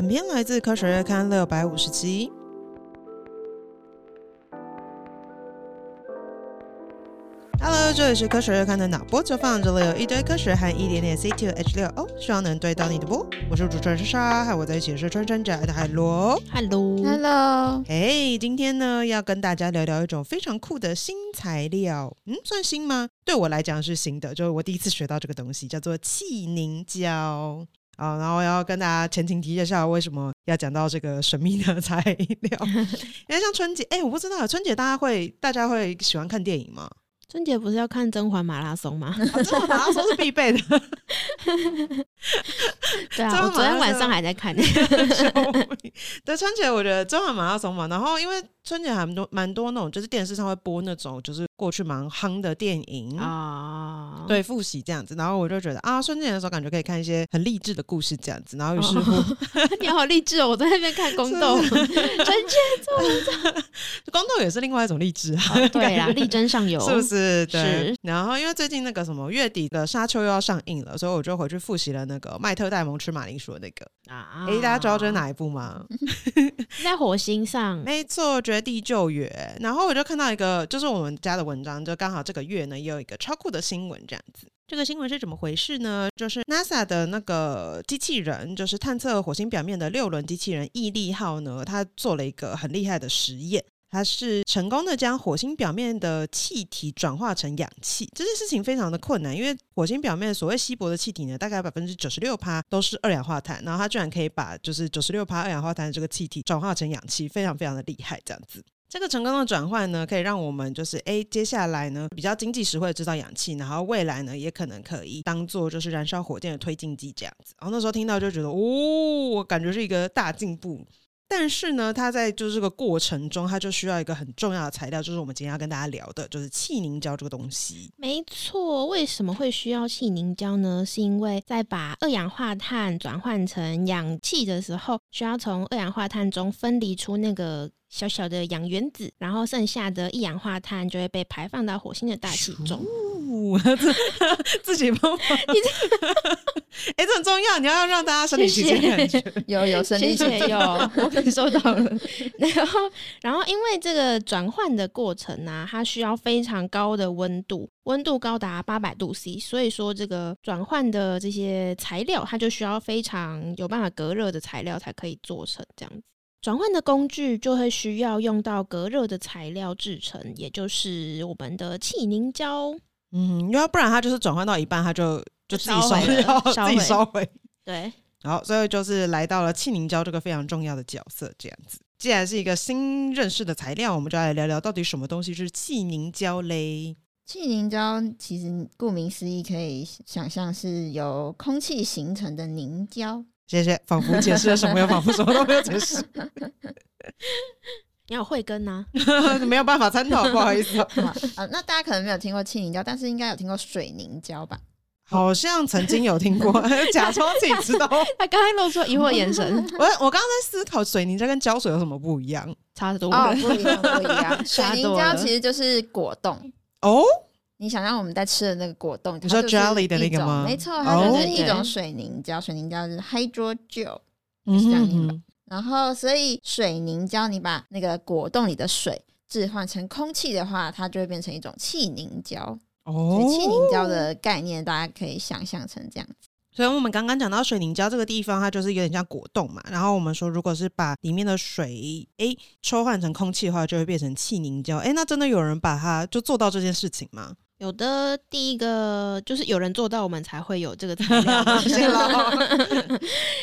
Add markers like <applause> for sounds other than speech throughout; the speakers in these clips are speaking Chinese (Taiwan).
本片來自《科學月刊》六百五十期。Hello，這裡是《科學月刊》的腦波酒坊，放這裡有一堆科學和一點點 C2H6O，希望能對到你的波。我是主持人莎莎，和我在一起是穿穿宅的海螺。Hello，Hello。哎、hey，今天呢要跟大家聊一聊一種非常酷的新材料。嗯，算新嗎？對我來講是新的，就是我第一次學到這個東西，叫做氣凝膠。啊，然後要跟大家前情提一下，為什麼要講到這個神秘的材料？ <laughs> 因為像春節，哎、欸，我不知道春節大家會大家會喜歡看電影嗎？春節不是要看《甄嬛馬拉松》嗎？哦，《甄嬛馬拉松》是必備的。對啊， <laughs> 我昨天晚上還在看，那個。救 <laughs> 對春節，我覺得《甄嬛馬拉松》嘛，然後因為春節很多蠻多那種，就是電視上會播那種，就是。過去蠻夯的電影啊，哦、對，複習這樣子，然後我就覺得啊，春節的時候感覺可以看一些很勵志的故事這樣子，然後於是乎、哦哦、你好勵志哦， <laughs> 我在那邊看宮鬥，臣妾的做不到宮鬥也是另外一種勵志哈、啊哦，對啊覺力爭上游是不是？對。是然後因為最近那個什麼月底的沙丘又要上映了，所以我就回去複習了那個麥特戴蒙吃馬鈴薯的那個。啊、哎，大家知道這是哪一部嗎？ <laughs> 在火星上，沒錯，絕地救援。然後我就看到一個，就是我們家的文章，就剛好這個月呢，也有一個超酷的新聞，這樣子。這個新聞是怎麼回事呢？就是 NASA 的那個機器人，就是探測火星表面的六輪機器人毅力號呢，它做了一個很厲害的實驗。它是成功的將火星表面的氣體轉化成氧氣，這件事情非常的困難，因為火星表面所謂稀薄的氣體呢，大概百分之九十六趴都是二氧化碳，然後它居然可以把就是九十六趴二氧化碳的這個氣體轉化成氧氣，非常非常的厲害，這樣子。這個成功的轉換呢，可以讓我們就是，哎，接下來呢比較經濟實惠的製造氧氣，然後未來呢也可能可以當做就是燃燒火箭的推進劑這樣子。然後那時候聽到就覺得，哦，感覺是一個大進步。但是呢，它在就是這個過程中，它就需要一個很重要的材料，就是我們今天要跟大家聊的，就是氣凝膠這個東西。沒錯，為什麼會需要氣凝膠呢？是因為在把二氧化碳轉換成氧氣的時候，需要從二氧化碳中分離出那個。小小的氧原子，然後剩下的一氧化碳就會被排放到火星的大氣中。呦 <laughs> <laughs> 自己噴發？你這。哎，這很重要，你要讓大家生理學感覺有有生理學有，我感受到了。 <laughs> <laughs> 然後，然後因為這個轉換的過程啊，它需要非常高的溫度，溫度高達八百度 C，所以說這個轉換的這些材料，它就需要非常有辦法隔熱的材料才可以做成這樣子。轉換的工具就會需要用到隔熱的材料製成，也就是我們的氣凝膠。嗯，要不然它就是轉換到一半，它就就自己燒掉，燒毀，自己燒毀。對，然後所以就是來到了氣凝膠這個非常重要的角色。這樣子，既然是一個新認識的材料，我們就來聊聊到底什麼東西是氣凝膠嘞？氣凝膠其實顧名思義，可以想象，是由空氣形成的凝膠。謝謝，仿佛解釋了什麼，又仿佛什麼都沒有解釋。 <laughs> 你有慧根呢、啊， <laughs> 沒有辦法參考，不好意思、喔。啊、呃，那大家可能沒有聽過氣凝膠，但是應該有聽過水凝膠吧？好像曾經有聽過， <laughs> 假裝自己知道。他剛才露出疑惑眼神， <laughs> 我我剛剛在思考水凝膠跟膠水有什麼不一樣，差不多哦，不一樣不一樣，水凝膠其實就是果凍哦。你想像我們在吃的那個果凍，你說 jelly 的那個嗎？沒錯，它就是一種水凝膠。Oh, 水凝膠是 hydrogel，、嗯、是這樣子。然後，所以水凝膠，你把那個果凍裡的水置換成空氣的話，它就會變成一種氣凝膠。哦，氣凝膠的概念大家可以想象成這樣子。所以，我們剛剛講到水凝膠這個地方，它就是有點像果凍嘛。然後我們說，如果是把裡面的水誒、欸、抽換成空氣的話，就會變成氣凝膠。哎、欸，那真的有人把它就做到這件事情嗎？有的，第一個就是有人做到，我們才會有這個材料。 <laughs> <laughs>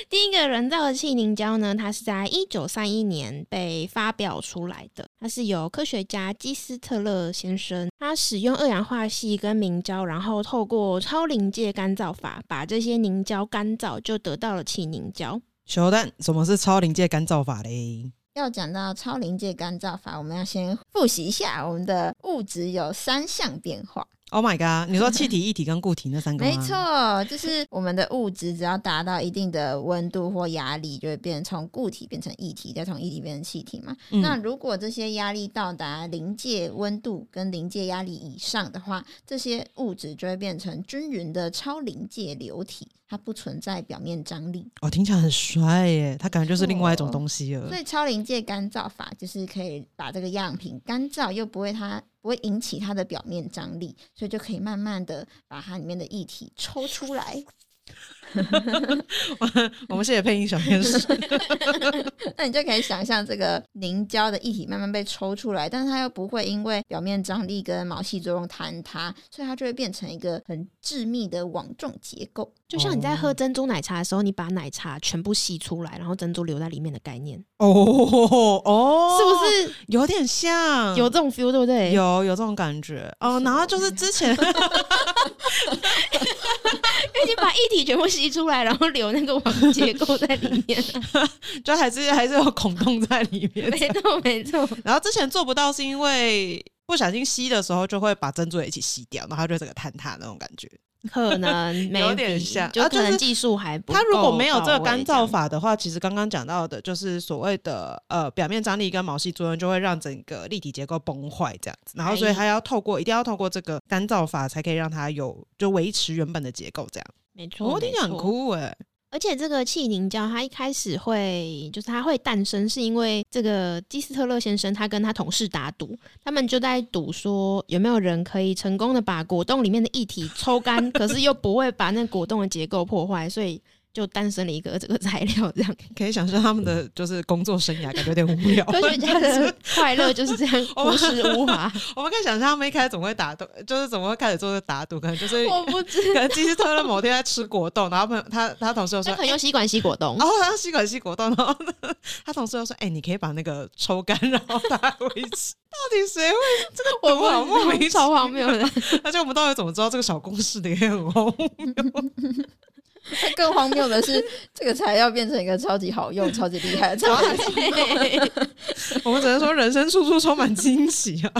第一個人造的氣凝膠呢，它是在一九三一年被發表出來的。它是由科學家基斯特勒先生，他使用二氧化矽跟明膠，然後透過超臨界乾燥法把這些凝膠乾燥，就得到了氣凝膠。小蛋，什麼是超臨界乾燥法嘞？要講到超臨界乾燥法，我們要先複習一下我們的物質有三項變化。Oh my god！你說氣體、液體跟固體那三個嗎？ <laughs> 沒錯，就是我們的物質只要達到一定的溫度或壓力，就會變成從固體變成液體，再從液體變成氣體嘛。嗯、那如果這些壓力到達臨界溫度跟臨界壓力以上的話，這些物質就會變成均勻的超臨界流體，它不存在表面張力。哦，聽起來很帥耶！它感覺就是另外一種東西了。哦、所以超臨界乾燥法就是可以把這個樣品乾燥，又不會它。不會引起它的表面張力，所以就可以慢慢的把它裡面的液體抽出來。 <laughs> <laughs> 我們是也配音小天使，那你就可以想象這個凝膠的液體慢慢被抽出來，但是它又不會因為表面張力跟毛細作用坍塌，所以它就會變成一個很致密的網狀結構，就像你在喝珍珠奶茶的時候，你把奶茶全部吸出來，然後珍珠留在裡面的概念。哦哦，是不是有點像有這種 feel 對不對？有有這種感覺哦。Oh, 是然後就是之前。 <laughs> <laughs> 你把液體全部吸出來，然後留那個網結構在裡面， <laughs> 就還是還是有孔洞在裡面，在裡面沒，沒錯沒錯。然後之前做不到是因為不小心吸的時候就會把珍珠也一起吸掉，然後它就整個坍塌那種感覺。可能沒 <laughs> 有點像，就可能技術還不、啊就是、他如果沒有這個乾燥法的話，的講其實剛剛講到的就是所謂的呃表面張力跟毛細作用，就會讓整個立體結構崩壞這樣子。然後所以他要透過、哎、一定要透過這個乾燥法，才可以讓它有就維持原本的結構這樣。沒錯錯，我挺想哭哎。而且這個氣凝膠，它一開始會，就是它會誕生，是因為這個基斯特勒先生他跟他同事打賭，他們就在賭說有沒有人可以成功的把果凍裡面的液體抽乾， <laughs> 可是又不會把那果凍的結構破壞，所以。就誕生了一個這個材料，這樣可以想象他們的就是工作生涯感覺有點無聊。科學家的快樂就是這樣無時無華。我們可以想象他們一開始怎麼會打賭，就是怎麼會開始做的打賭？可能就是我不知，可能基斯特勒某天在吃果凍，然後他他同事說：“他用吸管吸果凍。”然後他用吸管吸果凍，然後呢，他同事又說：“哎，你可以把那個抽乾，然後拿回去。”到底誰會這個我們好莫名其妙的？而且我們到底怎麼知道這個小故事也很荒謬？更荒謬的是， <laughs> 這個材料變成一個超級好用、超級厲害的東西。我們只能說人生處處充滿驚喜啊！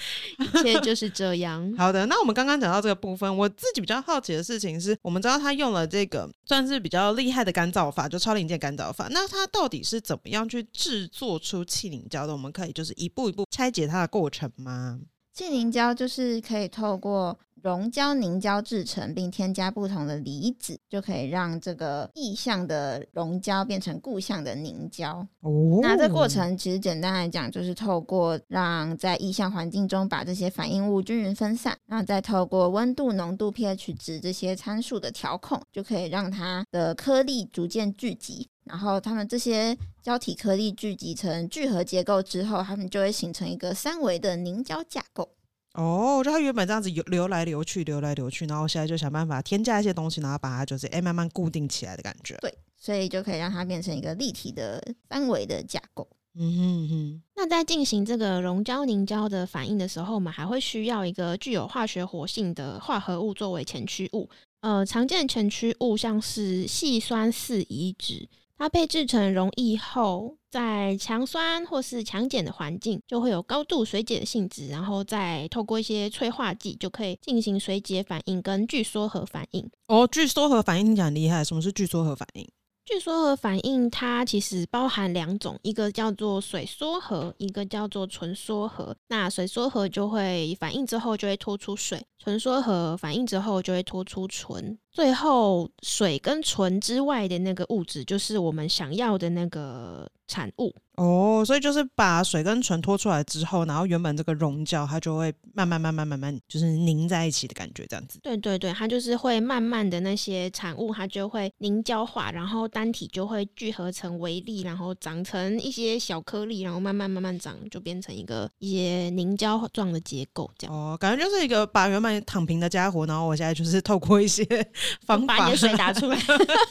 <laughs> 一切就是這樣。好的，那我們剛剛講到這個部分，我自己比較好奇的事情是，我們知道他用了這個算是比較厲害的乾燥法，就超臨界乾燥法。那它到底是怎麼樣去制作出氣凝膠的？我們可以就是一步一步拆解它的過程嗎？氣凝膠就是可以透過。溶膠凝膠製成，並添加不同的離子，就可以讓這個異相的溶膠變成固相的凝膠。哦，那這個過程其實簡單來講，就是透過讓在異相環境中把這些反應物均勻分散，然後再透過溫度、濃度、pH 值這些參數的調控，就可以讓它的顆粒逐漸聚集。然後，它們這些膠體顆粒聚集成聚合結構之後，它們就會形成一個三維的凝膠架構。哦，就它原本這樣子流流來流去，流來流去，然後我現在就想辦法添加一些東西，然後把它就是哎、欸、慢慢固定起來的感覺。對，所以就可以讓它變成一個立體的三維的架構。嗯哼嗯哼。那在進行這個溶膠凝膠的反應的時候，我們還會需要一個具有化學活性的化合物作為前驅物。呃，常見的前驅物像是矽酸四乙酯，它配制成溶液後。在強酸或是強鹼的環境，就會有高度水解的性質，然後再透過一些催化劑，就可以進行水解反應跟聚縮合反應。哦，聚縮合反應很厲害。什麼是聚縮合反應？聚縮合反應它其實包含兩種，一個叫做水縮合，一個叫做醇縮合。那水縮合就會反應之後就會脫出水，醇縮合反應之後就會脫出醇。最後，水跟醇之外的那個物質，就是我們想要的那個產物。哦，所以就是把水跟醇拖出來之後，然後原本這個溶膠它就會慢慢慢慢慢慢，就是凝在一起的感覺，這樣子。對對對，它就是會慢慢的那些產物，它就會凝膠化，然後單體就會聚合成微粒，然後長成一些小顆粒，然後慢慢慢慢長，就變成一個一些凝膠狀的結構。這樣哦，感覺就是一個把原本躺平的家伙，然後我現在就是透過一些。 <laughs> 防把你的水打出來，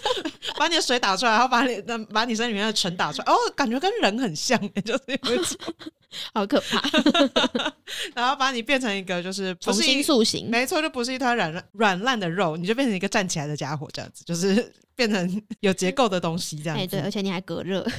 <laughs> 把你的水打出來，然後把你、把把你身裡面的塵打出來，哦，感覺跟人很像，就是一種， <laughs> 好可怕。 <laughs> 然後把你變成一個，就是，不是重新塑形，沒錯，就不是一團軟軟爛的肉，你就變成一個站起來的家伙，這樣子，就是變成有結構的東西，這樣子。欸、對，而且你還隔熱。 <laughs>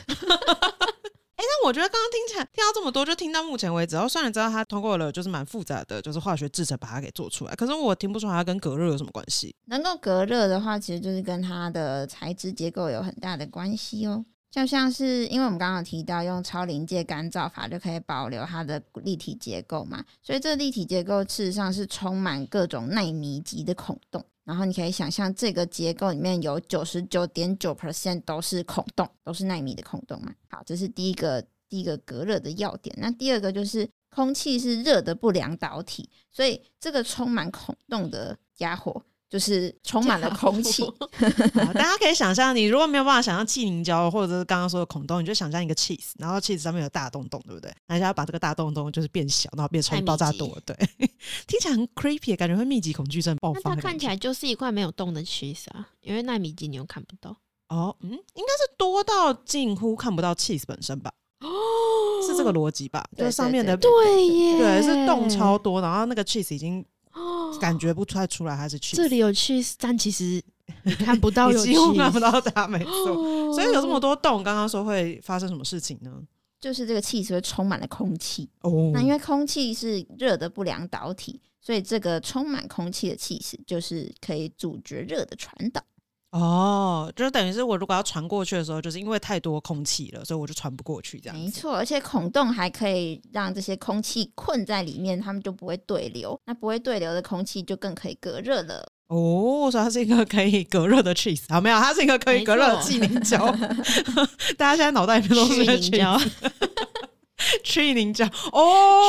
我覺得剛剛聽起來聽到這麼多，就聽到目前為止。然後雖然知道它通過了，就是蠻複雜的，就是化學製程，把它給做出來。可是我聽不出來它跟隔熱有什麼關係？能夠隔熱的話，其實就是跟它的材質結構有很大的關係哦。就像是因為我們剛剛有提到用超臨界乾燥法，就可以保留它的立體結構嘛，所以這立體結構事實上是充滿各種奈米級的孔洞。然後你可以想象，這個結構裡面有九十九點九 percent 都是孔洞，都是納米的孔洞嘛。好，這是第一個第一個隔熱的要點。那第二個就是空氣是熱的不良導體，所以這個充滿孔洞的家伙。就是充滿了空氣 <laughs> ，大家可以想象，你如果沒有辦法想象氣凝膠，或者是剛剛說的孔洞，你就想象一個 cheese，然後 cheese 上面有大洞洞，對不對？人家要把這個大洞洞就是變小，然後變成爆炸多了，對，聽起來很 creepy，感覺會密集恐懼症爆發。那它看起來就是一塊沒有洞的 cheese 啊，因為納米級你又看不到哦，嗯，應該是多到近乎看不到 cheese 本身吧？哦，是這個邏輯吧？就是上面的對耶，對，對，對，對，對，是洞超多，然後那個 cheese 已經。哦、感覺不太出來，出來還是起司，這裡有起司，但其實你看不到有起司， <laughs> 幾乎看不到它，沒錯、哦。所以有這麼多洞，剛剛、哦、說會發生什麼事情呢？就是這個起司會充滿了空氣。哦，那因為空氣是熱的不良導體，所以這個充滿空氣的起司就是可以阻絕熱的傳導。哦，就等於是我如果要傳過去的時候，就是因為太多空氣了，所以我就傳不過去這樣。沒錯，而且孔洞還可以讓這些空氣困在裡面，它們就不會對流。那不會對流的空氣就更可以隔熱了。哦，所以它是一個可以隔熱的 cheese，好沒有？它是一個可以隔熱的氣凝膠。沒錯。 <laughs> <laughs> 大家現在腦袋裡面都是氣凝膠，氣凝膠哦，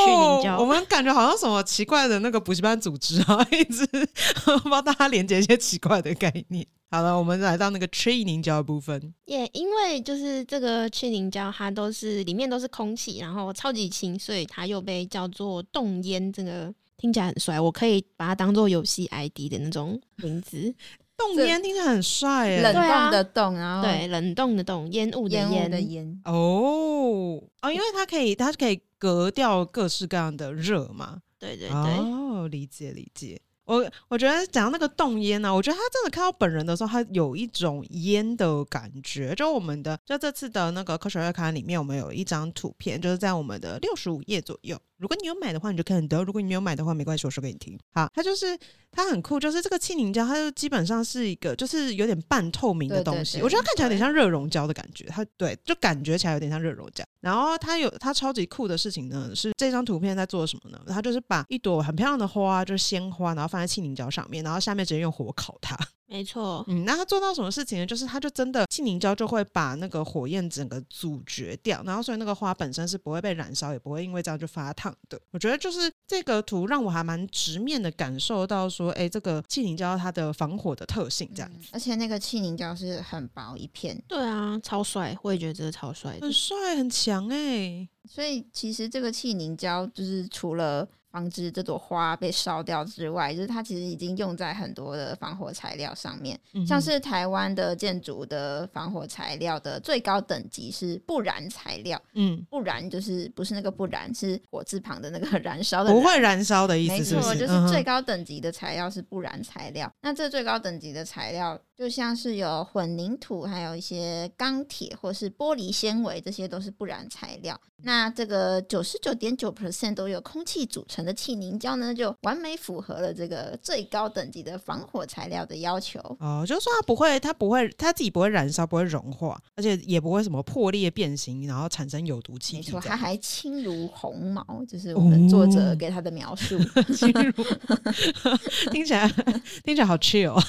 氣凝膠。我們感覺好像什麼奇怪的那個補習班組織啊，一直 <laughs> 幫大家連接一些奇怪的概念。好了，我們來到那個氣凝膠的部分。也、yeah, 因為就是這個氣凝膠，它都是裡面都是空氣，然後超級輕，所以它又被叫做凍煙。這個聽起來很帥，我可以把它當做遊戲 ID 的那種名字。凍 <laughs> 煙聽起來很帥，冷，冷凍的凍，然後對冷凍的凍，煙霧的煙，煙霧的煙。哦、oh, 哦，因為它可以，它是可以隔掉各式各樣的熱嘛。對對對。哦、oh，理解理解。我我覺得講到那個凍煙呢、啊，我覺得他真的看到本人的時候，他有一種煙的感覺。就我們的，就這次的那個科學月刊裡面，我們有一張圖片，就是在我們的六十五頁左右。如果你有買的話，你就可以很得；如果你沒有買的話，沒關係，我說給你聽。好，它就是它很酷，就是這個氣凝膠，它就基本上是一個，就是有點半透明的東西。對對對，我覺得它看起來有點像熱熔膠的感覺。對。它對，就感覺起來有點像熱熔膠。然後它有它超級酷的事情呢，是這張圖片在做什麼呢？它就是把一朵很漂亮的花，就是鮮花，然後放在氣凝膠上面，然後下面直接用火烤它。沒錯，嗯，那它做到什麼事情呢？就是它就真的氣凝膠就會把那個火焰整個阻絕掉，然後所以那個花本身是不會被燃燒，也不會因為這樣就發燙。對，我覺得就是這個圖讓我還蠻直面的感受到說，哎、欸，這個氣凝膠它的防火的特性這樣子，嗯、而且那個氣凝膠是很薄一片，對啊，超帥，我也覺得這個超帥，很帥很強哎，所以其實這個氣凝膠就是除了。防止這朵花被燒掉之外，就是它其實已經用在很多的防火材料上面，嗯、哼像是台灣的建築的防火材料的最高等級是不燃材料。嗯，不燃就是不是那個不燃，是火字旁的那個燃燒的燃，不會燃燒的意思是不是？沒錯，就是最高等級的材料是不燃材料。嗯、哼那這最高等級的材料，就像是有混凝土，還有一些鋼鐵或是玻璃纖維，這些都是不燃材料。那這個九十九點九 percent 都由空氣組成的氣凝膠呢，就完美符合了這個最高等級的防火材料的要求。哦，就是說它不會，它不會，它自己不會燃燒，不會融化，而且也不會什麼破裂變形，然後產生有毒氣體。沒錯，它還輕如鴻毛,就是我們作者給它的描述。輕如、哦， <laughs> <laughs> 聽起來 <laughs> 聽起來好 chill。 <laughs>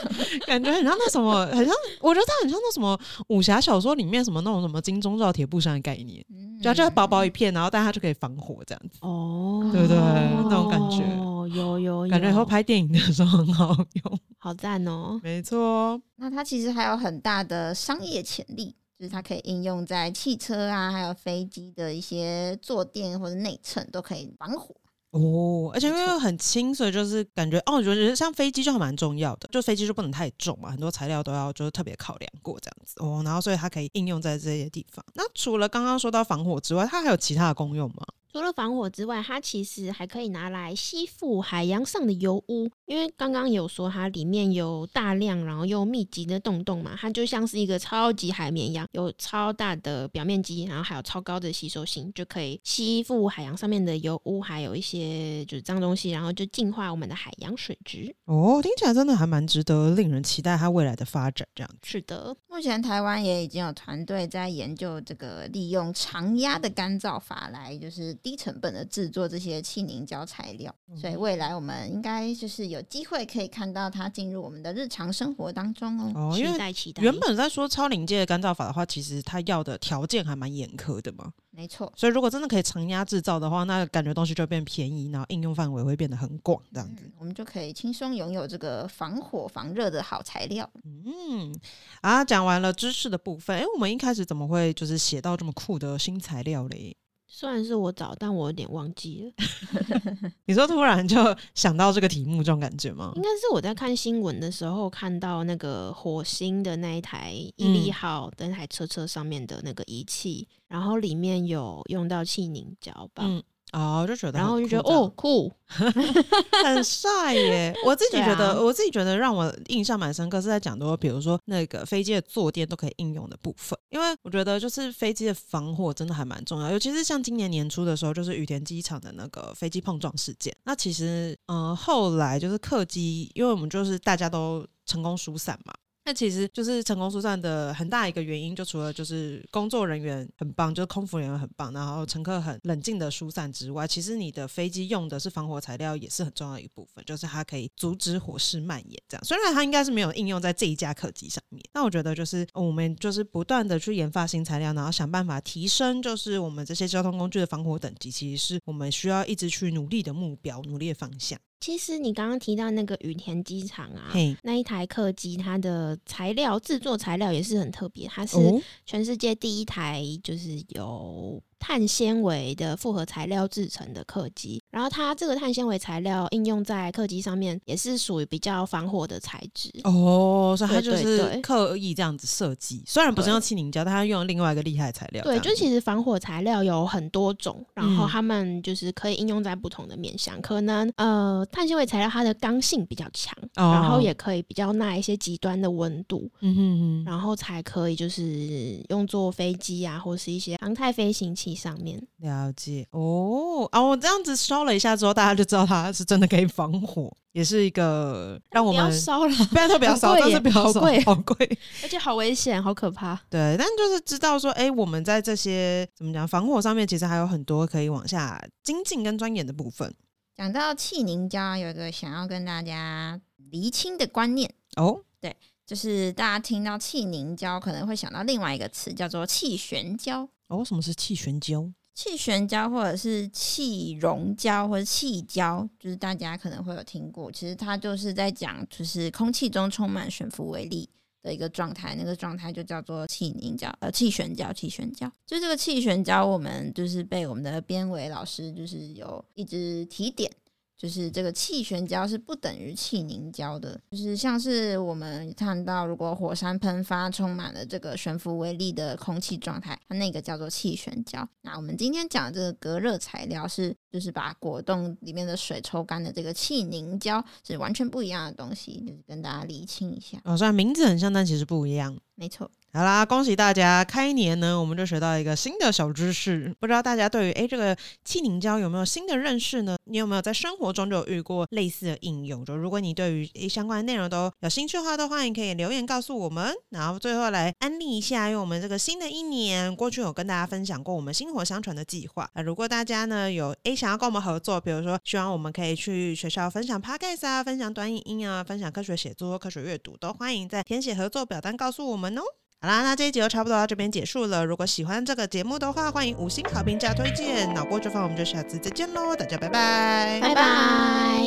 <laughs> 感覺很像那什麼， <laughs> 很像我覺得它很像那什麼武俠小說裡面什麼那種什麼金鐘罩鐵布衫的概念，嗯嗯就就薄薄一片，然後但它就可以防火這樣子。哦，對，對對，哦，那種感覺，有有，有感覺以後拍電影的時候很好用，好讚哦。沒錯哦，那它其實還有很大的商業潛力，就是它可以應用在汽車啊，還有飛機的一些坐墊或者內襯都可以防火。哦，而且因為很輕，所以就是感覺錯哦，我覺得像飛機就還蠻重要的，就飛機就不能太重嘛，很多材料都要就是特別考量過這樣子哦，然後所以它可以應用在這些地方。那除了剛剛說到防火之外，它還有其他的功用嗎？除了防火之外，它其實還可以拿來吸附海洋上的油污。因為剛剛有說它裡面有大量，然後又密集的洞洞嘛，它就像是一個超級海綿一樣，有超大的表面積，然後還有超高的吸收性，就可以吸附海洋上面的油污，還有一些就是髒東西，然後就淨化我們的海洋水質。哦，聽起來真的還蠻值得，令人期待它未來的發展。這樣。是的，目前台灣也已經有團隊在研究這個利用常壓的乾燥法來，就是低成本的制作這些氣凝膠材料，嗯，所以未來我們應該就是有。機會可以看到它進入我們的日常生活當中哦。哦，因為原本在說超臨界的乾燥法的話，其實它要的條件還蠻嚴苛的嘛。沒錯，所以如果真的可以常壓製造的話，那感覺東西就變便宜，然後應用範圍會變得很廣，這樣子，嗯，我們就可以輕鬆擁有這個防火防熱的好材料。嗯，啊，講完了知識的部分，誒、欸，我們一開始怎麼會就是寫到這麼酷的新材料嘞？雖然是我找，但我有點忘記了。 <laughs> 你說突然就想到這個題目這種感覺嗎？應該是我在看新聞的時候看到那個火星的那一台毅力號登台車車上面的那個儀器，嗯、然後裡面有用到氣凝膠吧。嗯哦，就覺得，然後就覺得哦，酷， <laughs> 很帥耶、欸！我自己覺得，啊、我自己覺得讓我印象蠻深刻是在講多，比如說那個飛機的坐墊都可以應用的部分，因為我覺得就是飛機的防火真的還蠻重要，尤其是像今年年初的時候，就是羽田機場的那個飛機碰撞事件。那其實，嗯，後來就是客機，因為我們就是大家都成功疏散嘛。那其實就是成功疏散的很大一個原因，就除了就是工作人員很棒，就是空服人員很棒，然後乘客很冷靜的疏散之外，其實你的飛機用的是防火材料也是很重要的一部分，就是它可以阻止火勢蔓延。這樣，雖然它應該是沒有應用在這一架客機上面，但我覺得就是我們就是不斷的去研發新材料，然後想辦法提升就是我們這些交通工具的防火等級，其實是我們需要一直去努力的目標、努力的方向。其實你剛剛提到那個羽田機場啊，Hey. 那一台客機，它的材料制作材料也是很特別的，它是全世界第一台，就是有。碳纖維的複合材料制成的客機，然後它這個碳纖維材料應用在客機上面，也是屬於比較防火的材質哦，所以它就是刻意這樣子設計。對對對，雖然不是用氣凝膠，對但它用另外一個厲害材料。對，就其實防火材料有很多種，然後他們就是可以應用在不同的面向。嗯、可能呃，碳纖維材料它的剛性比較強，哦、然後也可以比較耐一些極端的溫度。嗯哼哼，然後才可以就是用作飛機啊，或是一些航太飛行器。上面了解哦啊！我這樣子燒了一下之後，大家就知道它是真的可以防火，也是一個讓我們燒了，不然說不要燒，但是比較貴，好貴，好貴，而且好危險，好可怕。對，但就是知道說，哎、欸，我們在這些怎麼講防火上面，其實還有很多可以往下精進跟鑽研的部分。講到氣凝膠，有一個想要跟大家釐清的觀念哦，對，就是大家聽到氣凝膠，可能會想到另外一個詞叫做氣懸膠。哦，什麼是氣懸膠？氣懸膠或者是氣溶膠，或者氣膠，就是大家可能會有聽過。其實它就是在講，就是空氣中充滿懸浮微粒的一個狀態，那個狀態就叫做氣凝膠，呃，氣懸膠，氣懸膠。就這個氣懸膠，我們就是被我們的編委老師就是有一直提點，就是這個氣懸膠是不等於氣凝膠的，就是像是我們看到，如果火山噴發充滿了這個懸浮微粒的空氣狀態，它那個叫做氣懸膠。那我們今天講的這個隔熱材料是，就是把果凍裡面的水抽乾的這個氣凝膠，是完全不一樣的東西，就是跟大家釐清一下。哦，雖然名字很像，但其實不一樣。沒錯。好啦，恭喜大家！開年呢，我們就學到一個新的小知識。不知道大家對於誒這個氣凝膠有沒有新的認識呢？你有沒有在生活中就有遇過類似的應用？就如果你對於誒相關的內容都有興趣的話都歡迎可以留言告訴我們。然後最後來安利一下，因為我們這個新的一年，過去有跟大家分享過我們薪火相傳的計劃。啊，如果大家呢有誒想要跟我們合作，比如說希望我們可以去學校分享 Podcast 啊、分享短影音啊、分享科學寫作、科學閱讀，都歡迎在填寫合作表單告訴我們哦。好啦，那這一集就差不多到這邊結束了。如果喜歡這個節目的話，歡迎五星好評加推薦。那過陣放我們就下次再見嘍，大家拜拜，拜拜。拜拜。